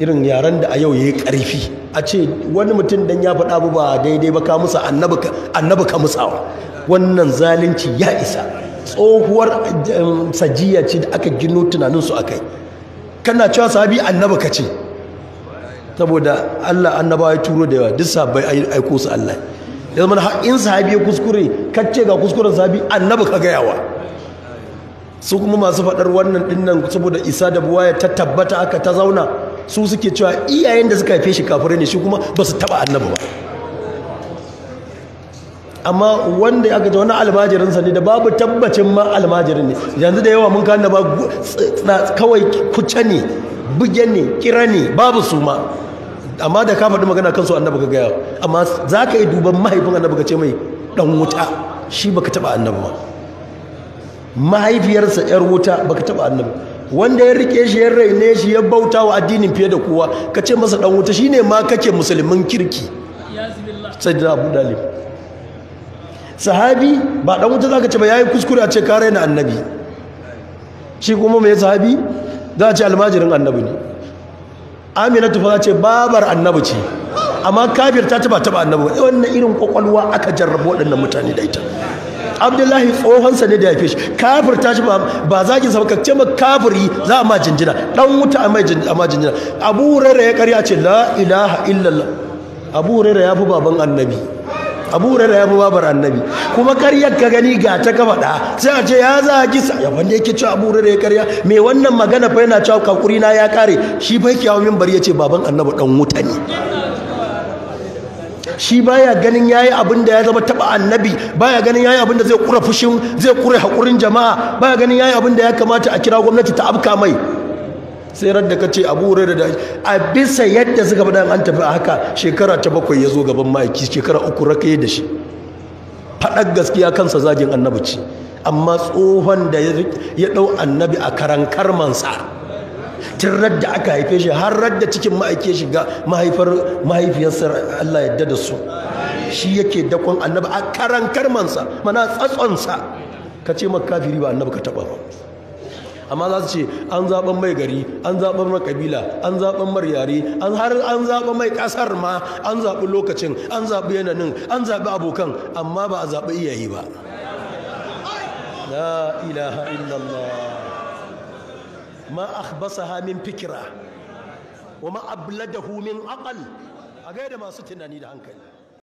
irin yaren da a yau yayi karfi a ce wani mutum dan ya faɗa ba daidai ba ka musa annabi ka musawa wannan zalunci ya isa tsohuwar um, sajiya ce da aka gino tunanin su akai kana cewa sahabi annabi ka ce saboda Allah annaba ya turo da yawa duk bai aiko su Allah ya zama in sahabi ya kuskure kacce ga kuskuren sahabi annabi ka gayawa su kuma masu faɗar wannan dinnan saboda isa da buwaya ta tabbata aka ta zauna su suke cewa iyayen da suka haife shi kafirai ne shi kuma ba su taba annabi ba amma wanda aka gaji wani almajirinsa ne da babu tabbacin ma almajirin ne yanzu da yawa mun kan da ba kawai kuce ne buge ne kira ne babu su ma amma da ka faɗi magana kansu annabi ka gaya amma za ka yi duban mahaifin annabi ka ce mai dan wuta shi baka taɓa annabi ba mahaifiyarsa 'yar wuta baka taɓa annabi wanda ya rike shi ya raine shi ya bauta wa addinin fiye da kowa ka ce masa dan wuta shine ma kake musulmin kirki da abu dalib sahabi ba dan wuta zaka ce ba yayi kuskure a ce ka raina annabi shi kuma mai sahabi za a ce almajirin annabi ne aminatu fa ce babar annabi ce amma kafir ta taba taba annabi wannan irin kwakwalwa aka jarrabo waɗannan mutane da ita abdullahi tsohonsa ne da ya fish ta shi ba za sa ba ce ma kafiri za a ma jinjina dan wuta a mai jinjina abu hurairah ya karya ce la ilaha illallah abu hurairah ya fi baban annabi abu hurairah ya fi babar annabi kuma karya ka gani ga ta kafa da sai a ce ya za a sa ya wanda yake cewa abu hurairah ya karya me wannan magana fa yana cewa kakuri na ya kare shi fa yake min bari ya ce baban annabi dan wuta ne shi baya ganin yayi abin da ya zama taba annabi baya ganin yayi abin da zai kura fushin zai kura hakurin jama'a baya ganin yayi abin da ya kamata a kira gwamnati ta afka mai sai radda ka ce abu hurairu da a bisa yadda suka faɗa an tafi a haka shekara ta bakwai ya zo gaban ma'aiki shekara uku raka da shi faɗar gaskiya kansa zagin annabi ce amma tsohon da ya ɗau annabi a karan karmansa tun radda aka haife shi har radda cikin ma'aike shiga mahaifar mahaifiyarsa Allah yadda da su shi yake dakon annabi a karan karmansa mana tsatsonsa ka ce maka kafiri ba annabi ka taba ba amma za su ce an zaɓen mai gari an zaɓen mai kabila an zaɓen mai yare an har an zaɓen mai ƙasar ma an zaɓi lokacin an zaɓi yananin an zaɓi abokan amma ba a zaɓi iyaye ba la ilaha illallah ما أخبصها من فكرة وما أبلده من أقل أغير ما ستنا نيد هنكلي